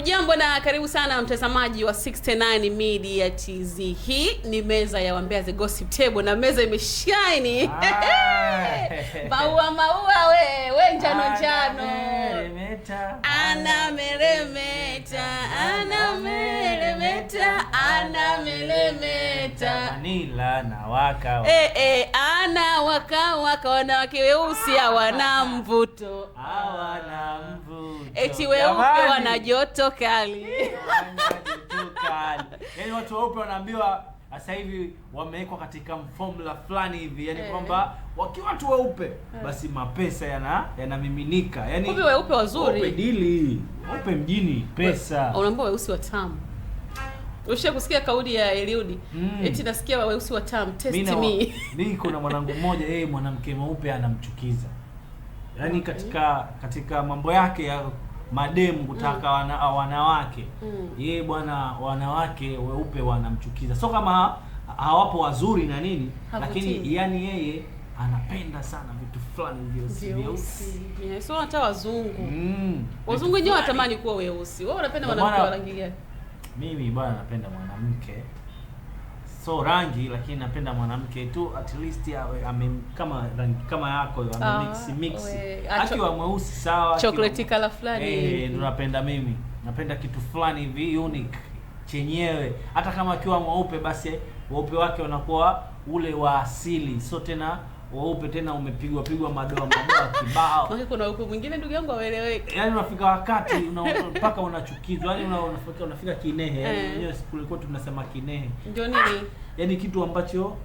Hujambo na karibu sana mtazamaji wa 69 Media TZ. Hii ni meza ya wambea the gossip table na meza imeshine maua maua, we we njano njano, ana meremeta ana meremeta ana meremeta na waka waka. Eh, eh, ana waka waka, wanawake weusi hawana mvuto, hawana mvuto, eti weupe wana joto kali, Yaani watu weupe wanaambiwa sasa hivi wamewekwa katika formula fulani hivi yani eh. kwamba wakiwa watu weupe eh. basi mapesa yana yanamiminika yani weupe wazuri, weupe dili, weupe mjini pesa, unaambiwa weusi watamu Ushia kusikia kauli ya Eliudi mm. Eti nasikia weusi wa watamu test Mina me mimi kuna mwanangu mmoja yeye mwanamke mweupe anamchukiza, yaani katika katika mambo yake ya mademu kutaka mm. wana, wanawake mm. yeye bwana, wanawake weupe wanamchukiza, so kama hawapo wazuri na nini Hakutini. Lakini yani yeye anapenda sana vitu fulani vyeusi vyeusi, yes, so hata wazungu mm. wazungu wenyewe watamani kuwa weusi. Wewe unapenda wanawake wa rangi gani? Mimi bwana napenda mwanamke, so rangi, lakini napenda mwanamke tu at least awe ame kama rangi kama yako ame ah, mix mix, akiwa mweusi sawa, chocolate color fulani, eh, ndo napenda mimi. Napenda kitu fulani hivi unique chenyewe, hata kama akiwa mweupe, basi weupe wake unakuwa ule wa asili, so tena weupe tena umepigwa pigwa madoa madoa kibao. Maana kuna huko mwingine ndugu yangu aeleweke. Yaani unafika wakati una mpaka unachukizwa. Yaani una, unafika unafika kinehe. Yaani eh. Wenyewe kulikuwa tunasema kinehe. Ndio nini? Yaani kitu ambacho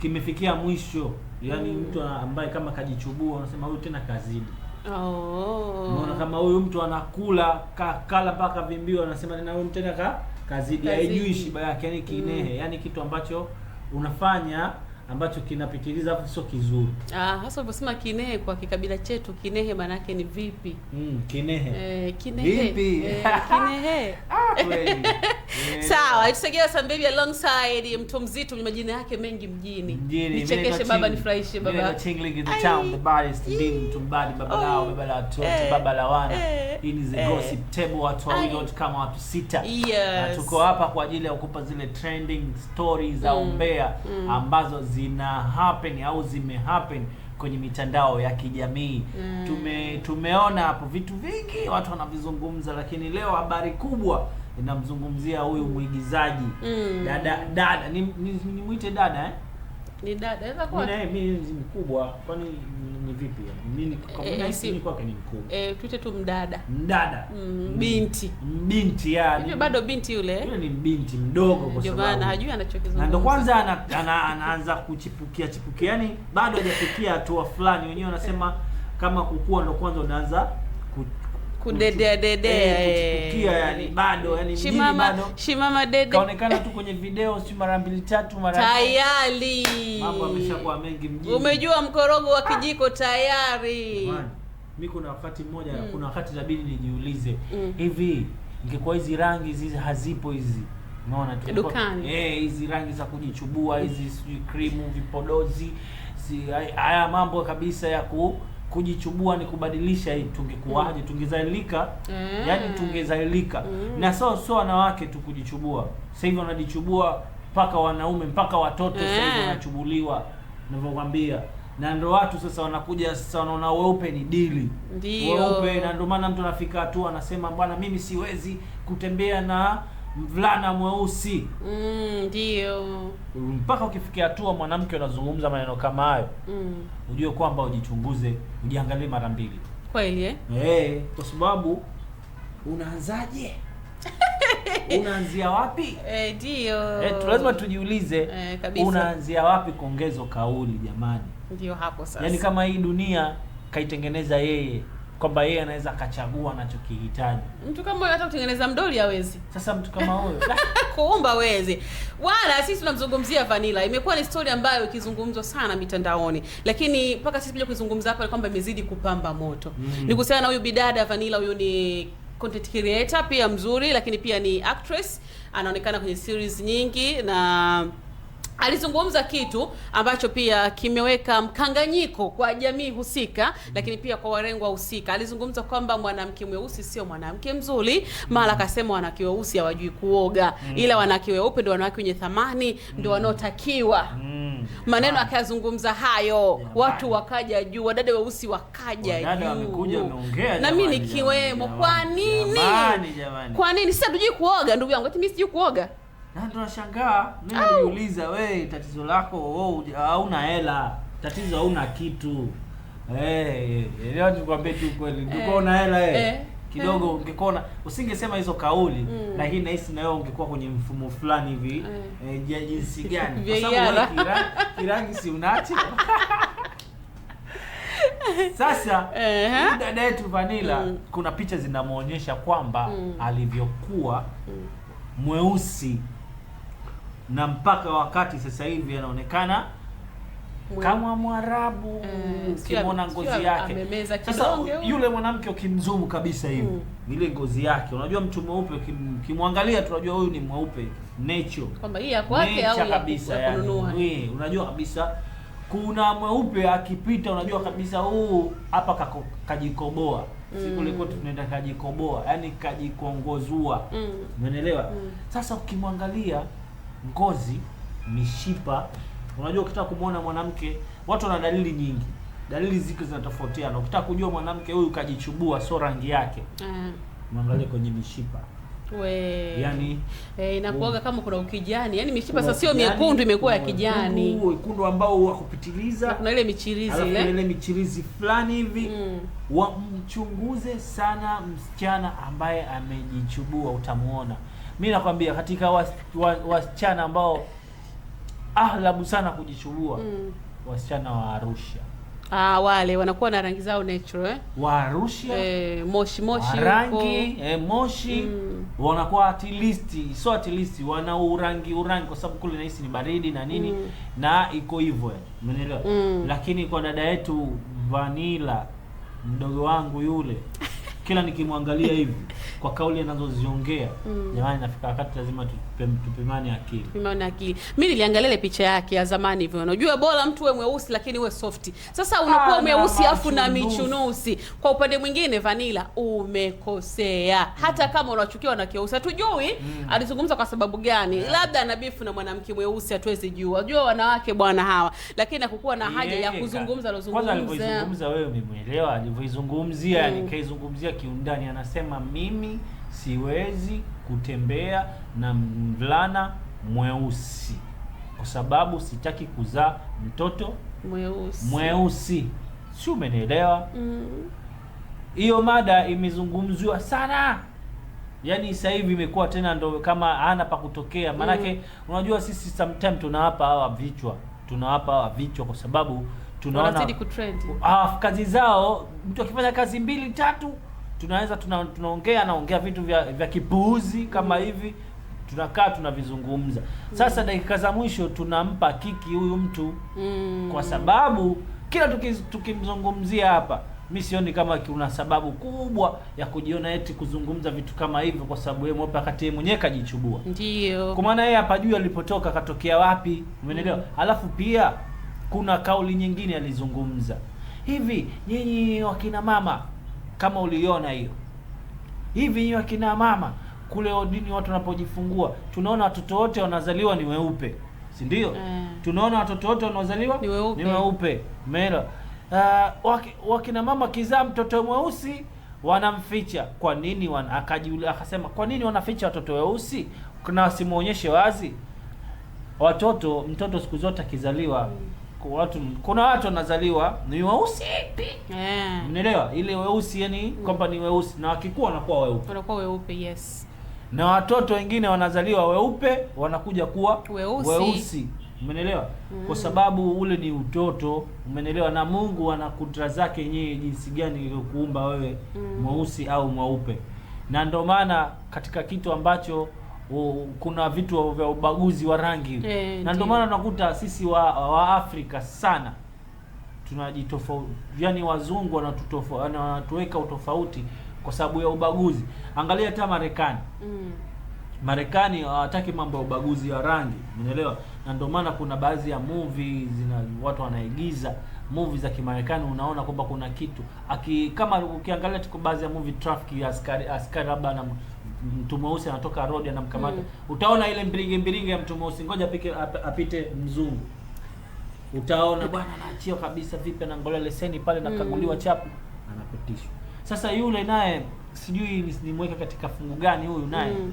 kimefikia mwisho. Yaani mm. mtu ambaye kama kajichubua unasema huyu tena kazidi. Oh. Unaona kama huyu mtu anakula kakala mpaka vimbio anasema tena huyu tena ka kazidi. Haijui shiba yake yaani kinehe. Mm. Yaani kitu ambacho unafanya ambacho kinapitiliza hapo sio kizuri. Ah, hasa unaposema kinehe kwa kikabila chetu kinehe maana yake ni vipi? Mm, kinehe. Eh, kinehe. Vipi? Eh, kinehe. ah, kweli. Sawa, it's again some baby alongside mtu mzito mwenye majina yake mengi mjini. mjini. Nichekeshe baba nifurahishe baba. Tingling in the town, the bar is the big mtu mbali baba lao, baba la watoto, eh. baba la wana. Eh. Hii ni the eh. gossip table watu wawili wote kama watu sita. Yes. Na tuko hapa kwa ajili ya kukupa zile trending stories za mm. umbea mm. ambazo zina happen au zime happen kwenye mitandao ya kijamii mm. Tume, tumeona hapo vitu vingi watu wanavizungumza, lakini leo habari kubwa inamzungumzia huyu mwigizaji mm. Dada dada, nimwite ni, ni dada eh? Ni dada anaweza kuwa naye mimi ni mkubwa, kwani ni vipi? Eh, eh, mimi kwa e, e, si kwake ni mkubwa eh, tuite tu mdada, mdada mm, mm. binti binti, yani hivyo bado binti yule, yule ni binti mdogo, kwa sababu maana hajui anachokizungumza, na ndio kwanza anaanza ana, ana, ana kuchipukia chipukia, yani bado hajafikia hatua fulani. Wenyewe wanasema eh. kama kukua ndio kwanza unaanza kudedea dedea kuchupukia, eh, yani bado yani shimama bado shimama dede kaonekana tu kwenye video, si mara mbili tatu, mara tayari mambo ameshakuwa mengi mjini. Umejua mkorogo wa kijiko tayari. Mimi kuna wakati mmoja mm. kuna wakati inabidi nijiulize mm. hivi mm. ingekuwa hizi rangi hizi hazipo hizi unaona tu dukani eh, hizi rangi za kujichubua hizi, sijui krimu, vipodozi, si haya mambo kabisa ya ku kujichubua ni kubadilisha hii, tungekuwaje? mm. mm. yani tungezailika mm. na sio sio wanawake tu kujichubua, sasa hivi wanajichubua mpaka wanaume mpaka watoto mm. sasa hivi eh. wanachubuliwa ninavyokuambia na ndio watu sasa wanakuja sasa, wanaona weupe ni dili, ndio weupe, na ndio maana mtu anafika hatua anasema, bwana, mimi siwezi kutembea na mvulana mweusi mm, ndio. Mm, mpaka ukifikia hatua mwanamke unazungumza maneno kama hayo mm, ujue kwamba ujichunguze, ujiangalie mara mbili kweli eh? Hey, eh, kwa sababu unaanzaje? unaanzia wapi? Eh, ndio. E, eh, hey, lazima tujiulize hey, Unaanzia wapi kuongeza kauli jamani? Ndio hapo sasa. Yaani kama hii dunia kaitengeneza yeye kwamba yeye anaweza akachagua anachokihitaji. Mtu kama huyo hata kutengeneza mdoli hawezi. Sasa mtu kama huyo kuumba hawezi, wala sisi tunamzungumzia Vanilla. Imekuwa ni story ambayo ikizungumzwa sana mitandaoni, lakini mpaka sisi kuja kuizungumza hapa kwamba imezidi kupamba moto mm -hmm. ni kuhusiana na huyu bidada Vanilla. Huyu ni content creator pia mzuri, lakini pia ni actress, anaonekana kwenye series nyingi na Alizungumza kitu ambacho pia kimeweka mkanganyiko kwa jamii husika, mm-hmm. lakini pia kwa warengwa husika. Alizungumza kwamba mwanamke mweusi sio mwanamke mzuri, mara mm-hmm. akasema wanawake weusi hawajui kuoga, mm-hmm. ila wanawake weupe ndio wanawake wenye thamani, ndio wanaotakiwa maneno akayazungumza hayo yeah, watu wakaja juu, wadada weusi wakaja juu, na mimi nikiwemo. Kwa nini? Kwa nini? Sasa tujui kuoga, ndugu yangu, eti mimi sijui kuoga? na ndo nashangaa mimi niliuliza, we tatizo lako hauna oh, hela, tatizo hauna kitu eh, elewa nikwambie tu kweli, eh, ulikuwa una hela eh, eh kidogo mm. Ungekuwa usingesema hizo kauli mm. Lakini nahisi na wewe ungekuwa kwenye mfumo fulani hivi mm. E, jinsi gani? Kwa sababu kira, kirangi, si unacho Sasa uh-huh. Dada yetu Vanilla mm. Kuna picha zinamuonyesha kwamba mm. alivyokuwa mm. mweusi na mpaka wakati sasa hivi anaonekana kama Mwarabu mm, ngozi yake sasa. Yule mwanamke ukimzumu kabisa hivi mm, ile ngozi yake, unajua mtu mweupe ukimwangalia tunajua huyu ni mweupe nature, kwamba hii ya kwake au kabisa ya kununua. Yani, eh, unajua kabisa kuna mweupe akipita unajua kabisa huu hapa kajikoboa siku mm. ile kwetu tunaenda kajikoboa, yani kajikongozua, mm. umeelewa? mm. mm. Sasa ukimwangalia ngozi, mishipa. Unajua, ukitaka kumwona mwanamke, watu wana dalili nyingi, dalili ziko zinatofautiana. Ukitaka kujua mwanamke huyu kajichubua, so rangi yake mm. mwangalie kwenye mishipa We. Yani, eh, inakuaga kama kuna ukijani yani mishipa sasa sio miekundu imekuwa ya kijani wekundu ambao kupitiliza kuna ile michirizi ile ile michirizi fulani hivi mm. Wamchunguze sana msichana ambaye amejichubua, utamuona mi nakwambia katika wasichana wa, wa ambao ahlabu sana kujichulua mm. wasichana wa Arusha ah, wale wanakuwa na rangi zao natural eh? wa Arusha eh, moshi moshi rangi eh, moshi mm. wanakuwa at least so at least wana urangi urangi, kwa sababu kule nahisi ni baridi na nini mm. na iko hivyo eh, umeelewa mm. lakini kwa dada yetu Vanilla mdogo wangu yule kila nikimwangalia hivi kwa kauli anazoziongea, mm. jamani, nafika wakati lazima tu tupimane akili, tupimane akili. Mimi niliangalia ile picha yake ya zamani hivyo, unajua bora mtu we mweusi lakini we soft. Sasa unakuwa ah, mweusi afu na michunusi. Kwa upande mwingine, Vanilla umekosea, mm. hata kama unachukiwa na kieusi hatujui mm. alizungumza kwa sababu gani yeah. labda ana bifu na mwanamke mweusi, hatuwezi jua. Unajua wanawake bwana hawa, lakini hakukuwa na haja yeah, ya kuzungumza alozungumza. Kwanza alivyozungumza wewe umemuelewa, alivyoizungumzia mm. nikaizungumzia kiundani, anasema mimi siwezi kutembea na mvulana mweusi kwa sababu sitaki kuzaa mtoto mweusi mweusi, si umenielewa? Mm. Hiyo mm. mada imezungumziwa sana, yaani sasa hivi imekuwa tena ndo kama hana pa kutokea, maanake mm. unajua sisi sometimes tunawapa hawa vichwa tunawapa hawa vichwa kwa sababu tunaona kazi zao, mtu akifanya kazi mbili tatu tunaweza tuna, tunaongea naongea vitu vya, vya kipuuzi kama hivi tunakaa tunavizungumza. Sasa mm. dakika za mwisho tunampa kiki huyu mtu mm. kwa sababu kila tukimzungumzia tuki hapa, mi sioni kama kuna sababu kubwa ya kujiona eti kuzungumza vitu kama hivyo, kwa sababu yeye mwepe wakati yeye mwenyewe kajichubua, ndio kwa maana yeye hapa juu alipotoka katokea wapi, umeelewa? mm. Alafu pia kuna kauli nyingine alizungumza hivi, nyinyi wakina mama kama uliona hiyo. Hivi hiyo akina mama kule odini watu wanapojifungua, tunaona watoto wote wanazaliwa ni weupe, si ndio? Mm. Tunaona watoto wote wanaozaliwa ni weupe, ni weupe. Melo. Uh, ah, wakina mama kizaa mtoto mweusi wanamficha. Kwa nini wana, akajiuliza akasema, kwa nini wanaficha watoto weusi na wasimuonyeshe wazi? Watoto mtoto siku zote akizaliwa mm kwa watu, kuna watu wanazaliwa ni weusi yeah. Mnaelewa ile weusi yani mm. kwamba ni weusi na wakikuwa wanakuwa weupe, wanakuwa weupe yes. Na watoto wengine wanazaliwa weupe wanakuja kuwa weusi, weusi. Umenelewa mm. Kwa sababu ule ni utoto, umenelewa. Na Mungu ana kudra zake nyee jinsi gani kuumba wewe mm. mweusi au mweupe, na ndio maana katika kitu ambacho kuna vitu vya ubaguzi wa rangi e, na ndio maana tunakuta sisi wa, wa Afrika sana tunajitofauti, yani wazungu wanatuweka utofauti kwa sababu ya ubaguzi. Angalia hata Marekani mm. Marekani hawataki mambo ya ubaguzi wa rangi, umeelewa? Na ndio maana kuna baadhi ya movie zina watu wanaigiza movie za Kimarekani, unaona kwamba kuna kitu aki, kama ukiangalia tuko baadhi ya movie traffic askari askari labda na mtu mweusi anatoka road anamkamata. Mm. Utaona ile mbiringe mbiringe ya mtu mweusi, ngoja apike ap, apite mzungu. Utaona mm. bwana anaachia kabisa, vipi anaangalia leseni pale mm. na kaguliwa chapu, anapitishwa. Sasa yule naye sijui nimweka katika fungu gani huyu naye. Mm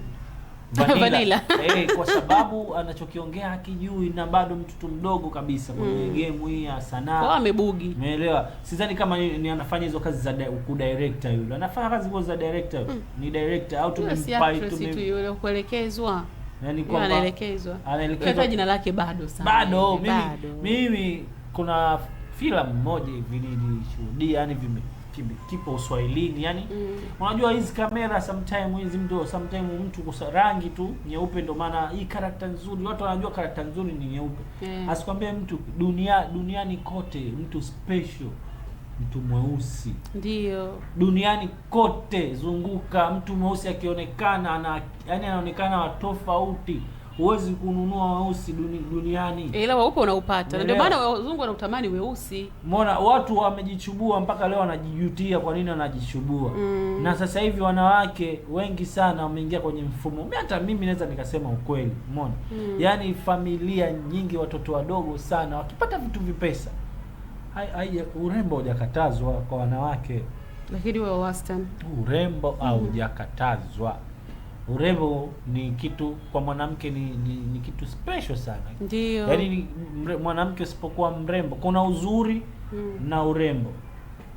vanilla, vanilla. Hey, eh, kwa sababu anachokiongea akijui na bado mtoto mdogo kabisa kwenye mm. game hii ya sanaa amebugi, umeelewa? Sidhani kama ni, ni anafanya hizo kazi za ku director, yule anafanya kazi kwa za director mm. ni director au tumempa yule kuelekezwa yani kwa anaelekezwa anaelekezwa jina lake bado sana bado mimi, bado. mimi kuna filamu moja hivi nilishuhudia yani vime kipo Uswahilini yani mm. Unajua hizi kamera sometime hizi mtu sometime mtu kwa rangi tu nyeupe, ndio maana hii karakta nzuri, watu wanajua karakta nzuri ni nyeupe mm. Asikwambie mtu dunia duniani kote mtu special mtu mweusi ndio duniani kote zunguka, mtu mweusi akionekana ana yani anaonekana tofauti huwezi kununua weusi duniani ila weupe unaupata, na ndio maana wazungu wanautamani weusi. Mbona watu wamejichubua mpaka leo wanajijutia kwa nini wanajichubua? mm. na sasa hivi wanawake wengi sana wameingia kwenye mfumo, hata mimi naweza nikasema ukweli, umeona mm. yaani familia nyingi, watoto wadogo sana wakipata vitu vipesa, hai urembo hujakatazwa kwa wanawake, lakini wa wastani urembo mm. haujakatazwa mm urembo ni kitu kwa mwanamke ni, ni, ni kitu special sana. Ndio. Yaani mwanamke usipokuwa mrembo, kuna uzuri mm. na urembo,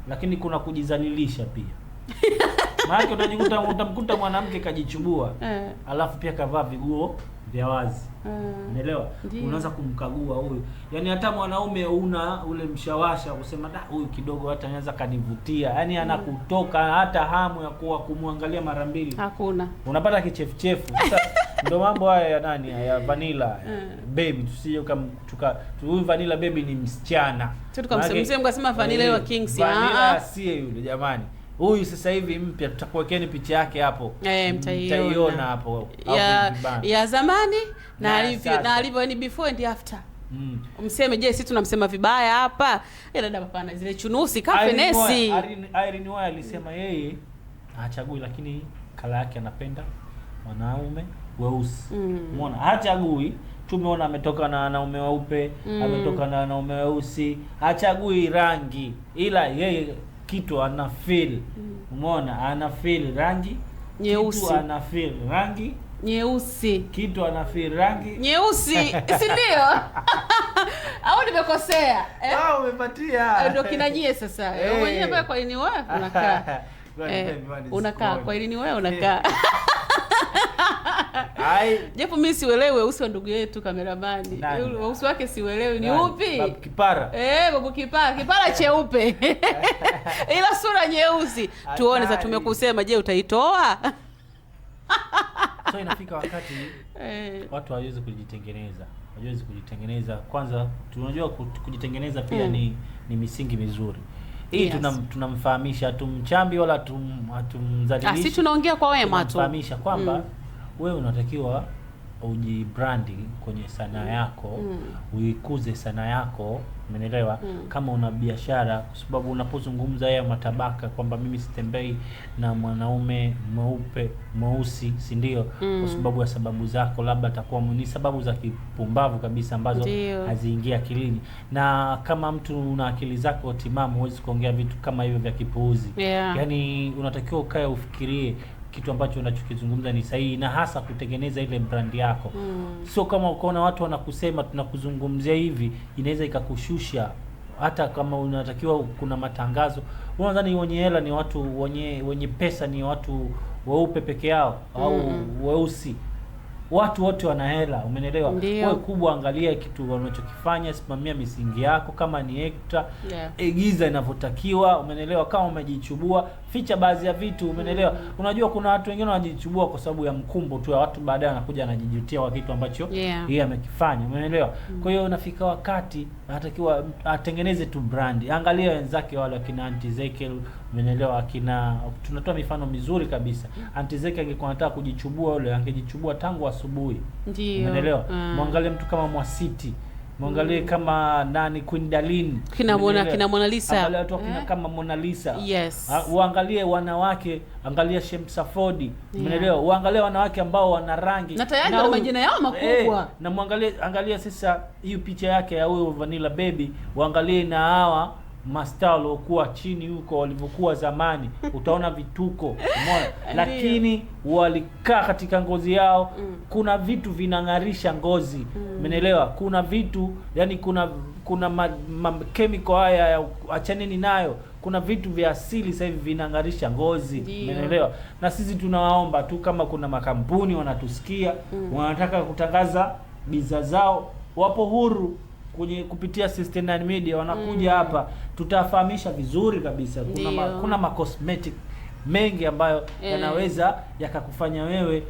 lakini kuna kujizalilisha pia maana utajikuta utamkuta mwanamke kajichubua eh. alafu pia kavaa viguo vya wazi mm. unaanza kumkagua huyu, yaani hata mwanaume una ule mshawasha kusema da, huyu kidogo hata anaweza kanivutia, yaani mm. anakutoka hata hamu ya kuwa kumwangalia mara mbili hakuna, unapata kichefuchefu sasa. Ndio mambo haya ya nani ya Vanilla mm. Baby, tusije tuka huyu Vanilla Baby ni msichana, tukamsemsema kasema Vanilla eh, wa Kings, ah, ah. si yule jamani huyu sasa hivi mpya, tutakuwekeni picha yake hapo e, mtaiona hapo ya, ya zamani na alivyo na alivyo, ni before and after. Mm. Mseme je, sisi tunamsema vibaya hapa? Ila eh, dada hapana, zile chunusi kafenesi. Irene Uwoya alisema yeye hachagui, lakini kala yake anapenda wanaume weusi. Mm. Umeona? Mm. Hachagui. Tumeona ametoka na wanaume weupe, mm. ametoka na wanaume weusi, hachagui rangi, ila yeye kitu ana feel mm. umeona, ana feel rangi nyeusi, kitu ana feel rangi nyeusi, kitu ana feel rangi nyeusi, si ndio? au nimekosea eh? Ah, umepatia eh, ndio kinanyie sasa hey. Mwenyewe kwa nini wewe unakaa eh, unakaa kwa nini wewe unakaa japo mi siuelewi weusi wa ndugu yetu kamerabani, weusi wake siuelewi ni upi. Babu Kipara, eh, Babu Kipara, kipara cheupe ila sura nyeusi. Tuone sasa, tumekusema. Je, utaitoa? So inafika wakati eh. watu hawawezi kujitengeneza, hawawezi kujitengeneza. Kwanza tunajua kujitengeneza pia hmm. ni ni misingi mizuri hii yes. Tunamfahamisha, tunam wala hatumdhalilishi, ah, si tunaongea kwa wema tu, tunamfahamisha kwamba mm wewe unatakiwa ujibrandi kwenye sanaa mm. yako mm. uikuze sanaa yako menelewa mm. kama una biashara, kwa sababu unapozungumza haya matabaka kwamba mimi sitembei na mwanaume mweupe mweusi, si ndio? mm. kwa sababu ya sababu zako, labda atakuwa ni sababu za kipumbavu kabisa ambazo haziingia akilini, na kama mtu una akili zako timamu, huwezi kuongea vitu kama hivyo vya kipuuzi yeah. Yani unatakiwa ukae ufikirie kitu ambacho unachokizungumza ni sahihi, na hasa kutengeneza ile brand yako mm. Sio kama ukaona watu wanakusema tunakuzungumzia hivi, inaweza ikakushusha hata kama unatakiwa kuna matangazo. Unadhani wenye hela ni watu wenye wenye pesa ni watu weupe peke yao au mm. weusi? Watu wote wana hela, umenelewa? Wewe kubwa, angalia kitu unachokifanya, simamia misingi yako, kama ni ekta yeah. Igiza eh, inavyotakiwa, umenelewa? Kama umejichubua ficha baadhi ya vitu, umeelewa? Unajua kuna watu wengine wanajichubua kwa sababu ya mkumbo tu ya watu, baadaye wanakuja anajijutia kwa kitu ambacho yeah. yeye amekifanya, umeelewa? mm. Kwa hiyo unafika wakati anatakiwa atengeneze tu brand. Angalia wenzake wale wakina Aunty Zekel, umeelewa? Akina tunatoa mifano mizuri kabisa. Mm. Aunty Zekel angekuwa anataka kujichubua, yule angejichubua tangu asubuhi, umeelewa? mm. Mwangalie mtu kama Mwasiti Mwangalie mm. kama nani Queen Dalin kina Mona kina Mona Lisa angalia eh? kama Mona Lisa yes. Uangalie wanawake, angalia Shem Safodi yeah. Mnaelewa, Uangalie wanawake ambao wana rangi na tayari na majina yao eh, makubwa eh, na mwangalie, angalia sasa hiyo picha yake ya huyo Vanilla Baby, uangalie na hawa mastaa waliokuwa chini huko walivyokuwa zamani, utaona vituko, umeona lakini walikaa katika ngozi yao mm. Kuna vitu vinang'arisha ngozi mm. Menelewa, Kuna vitu yani, kuna kuna makemiko ma, chemical achaneni nayo. Kuna vitu vya asili sasa hivi vinang'arisha ngozi menelewa. Na sisi tunawaomba tu kama kuna makampuni wanatusikia mm. wanataka kutangaza bidhaa zao, wapo huru kwenye kupitia 69 Media wanakuja mm. hapa tutafahamisha vizuri kabisa. Kuna ma, kuna ma cosmetic mengi ambayo yeah. yanaweza yakakufanya wewe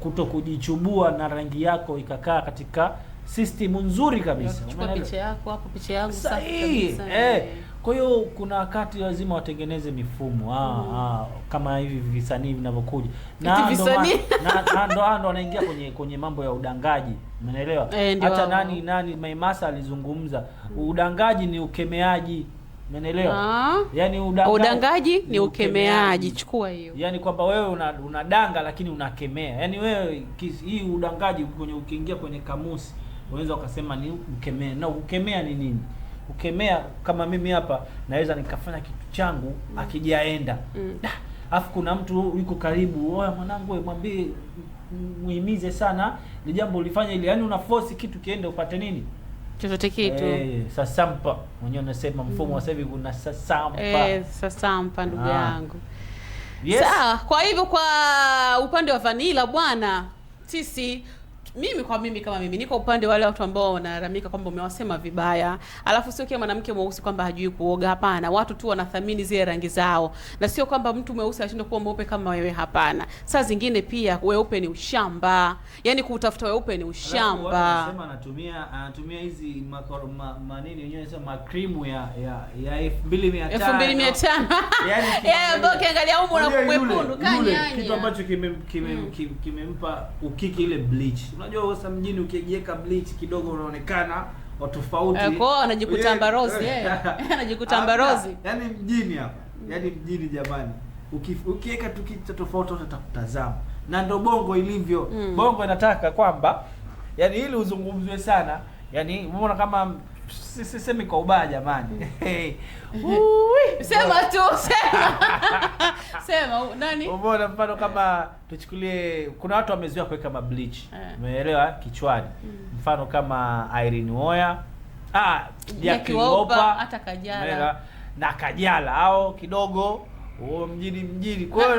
kuto kujichubua na rangi yako ikakaa katika system nzuri kabisa. Chukua picha yako hapo, picha yangu safi eh, kabisa. Eh, kwa hiyo kuna wakati lazima watengeneze mifumo ah, mm. ah, kama hivi visanii vinavyokuja na ndo wanaingia kwenye kwenye mambo ya udangaji. Umeelewa? Eh, Hata nani nani Maimasa alizungumza udangaji ni ukemeaji. Umeelewa? Ah. Yaani udangaji, udangaji ni ukemeaji. Chukua hiyo. Yaani kwamba wewe una, unadanga lakini unakemea. Yaani wewe hii udangaji kwenye ukiingia kwenye kamusi unaweza ukasema ni ukemea. Na ukemea ni nini? Ukemea kama mimi hapa naweza nikafanya kitu changu mm. akijaenda. Mm. afu kuna mtu yuko karibu, oya mwanangu, mwambie muhimize sana ile jambo ulifanya ile, yaani una force kitu kiende upate nini chochote kitu eh, sasampa mwenyewe unasema mfumo mm. wa sasa hivi una sasampa eh, sasampa ndugu ah. yangu yes. Sawa, kwa hivyo kwa upande wa vanila bwana sisi mimi kwa mimi kama mimi niko upande wale watu ambao wanalalamika kwamba umewasema vibaya, alafu sio kila mwanamke mweusi kwamba hajui kuoga. Hapana, watu tu wanathamini zile rangi zao, na sio kwamba mtu mweusi ashindwe kuwa mweupe kama wewe. Hapana, saa zingine pia weupe ni ushamba, yaani kutafuta weupe ni ushamba. Anasema anatumia anatumia hizi manini yenyewe sema makrimu ya ya ya 2500 yaani, yeye ambaye kiangalia huko na mwekundu kanyanya, kitu ambacho mm. kimempa ukiki ile bleach unajua wewe mjini ukiegeka bleach kidogo unaonekana wa tofauti. Eh, kwa anajikuta mbarozi yeye. Eh. Eh, anajikuta mbarozi. Ah, yaani mjini hapa. Yaani mjini jamani. Ukiweka tu kitu tofauti watu watakutazama. Na ndo bongo ilivyo. Mm. Bongo inataka kwamba yaani ili uzungumzwe sana. Yaani umeona kama sisemi kwa ubaya jamani. Mm. Sema tu sema. Sema nani? Umeona mfano kama tuchukulie, kuna watu wamezoea kuweka mableach, eh. umeelewa, eh, kichwani. Mm. Mfano kama Irene Uwoya, ah, ya Kiopa hata Kajala na Kajala au kidogo Oh, mjini mjini. Kwa hiyo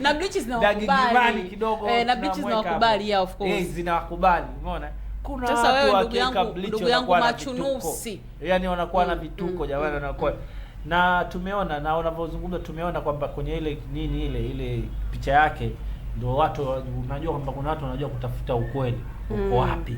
na bleach zinawakubali kidogo, Eh, na bleach zinawakubali, yeah of eh, course, eh zinawakubali, umeona kuna sasa watu wakiweka bleach wanakuwa na machunusi, yani wanakuwa mm, na vituko mm, jamani, mm, wanakuwa mm, na tumeona na unavyozungumza, tumeona kwamba kwenye ile nini ile ile picha yake ndio watu unajua kwamba kuna watu wanajua kutafuta ukweli uko mm. wapi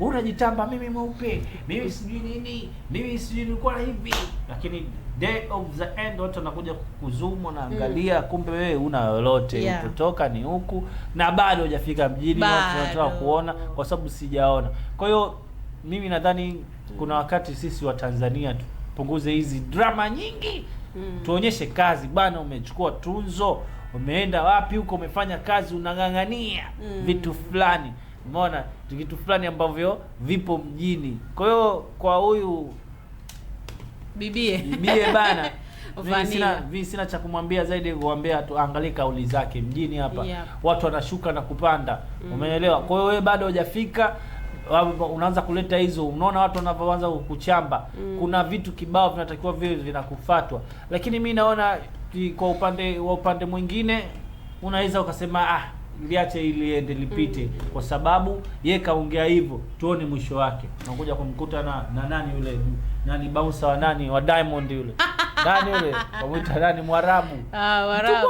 wewe unajitamba, mimi mweupe, mimi sijui nini, mimi sijui nilikuwa hivi, lakini day of the end watu wanakuja kukuzumu, naangalia mm. Kumbe wewe una lolote yeah. Kutoka ni huku na bado hujafika mjini, watu wanataka kuona kwa sababu sijaona. Kwa hiyo mimi nadhani kuna wakati sisi wa Tanzania tupunguze hizi drama nyingi mm. Tuonyeshe kazi bana, umechukua tunzo, umeenda wapi huko, umefanya kazi, unang'ang'ania mm. vitu fulani Umeona vitu fulani ambavyo vipo mjini. Kwa hiyo kwa huyu bibie bibie bana sina, mimi sina cha kumwambia zaidi kuambia tu angalie kauli zake mjini hapa yep. Watu wanashuka na kupanda mm. Umeelewa? Kwa hiyo wewe bado hujafika unaanza kuleta hizo, unaona watu wanavyoanza kuchamba mm. Kuna vitu kibao vinatakiwa vile vinakufatwa, lakini mi naona kwa upande wa upande mwingine unaweza ukasema ah liache ili ende lipite mm. kwa sababu ye kaongea hivyo, tuone mwisho wake. Nakuja kumkuta na, na nani yule nani bouncer wa nani wa Diamond yule nani yule wamuita nani Mwarabu ah, Mwarabu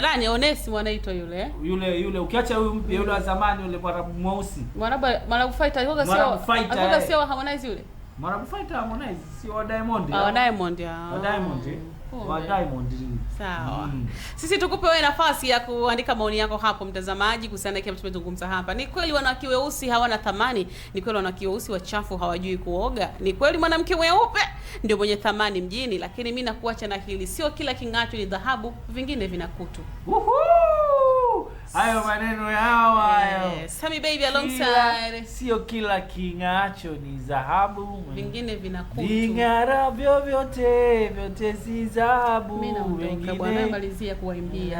nani Onesi wanaitwa yule yule yule, ukiacha huyu mpya yule wa zamani yule Mwarabu mweusi Mwarabu Mwarabu fighter alikuwa sio alikuwa eh. sio Harmonize yule Mwarabu fighter Harmonize sio wa Diamond ah, wa Diamond ah, Diamond eh. Sawa. Mm. Sisi tukupe wewe nafasi ya kuandika maoni yako hapo mtazamaji kuhusiana na kile tumezungumza hapa. Ni kweli wanawake weusi hawana thamani? Ni kweli wanawake weusi wachafu hawajui kuoga? Ni kweli mwanamke mweupe ndio mwenye thamani mjini? Lakini mimi nakuacha na hili, sio kila king'acho ni dhahabu, vingine vinakutu. Woohoo! hayo maneno yao hayo. Yes. baby alongside. Sio kila king'acho ni dhahabu, vingine vinakutu. Ving'ara vyovyote vyote si dhahabu, vingine. bwana, malizia kuwaimbia.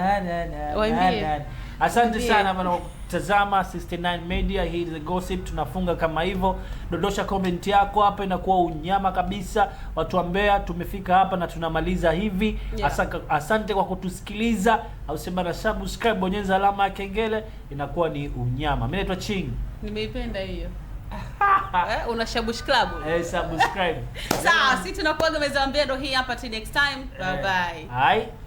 Waimbie. Asante sana bana kutazama 69 Media, hii the gossip. Tunafunga kama hivyo, dodosha comment yako hapa, inakuwa unyama kabisa. Watu ambea tumefika hapa na tunamaliza hivi yeah. Asante, asante kwa kutusikiliza, au sema na subscribe, bonyeza alama ya kengele, inakuwa ni unyama. Mimi naitwa Ching, nimeipenda hiyo eh, una shabush club eh, subscribe sawa. Sisi tunakuwa tumezambia ndo hii hapa, till next time, eh. bye bye, hai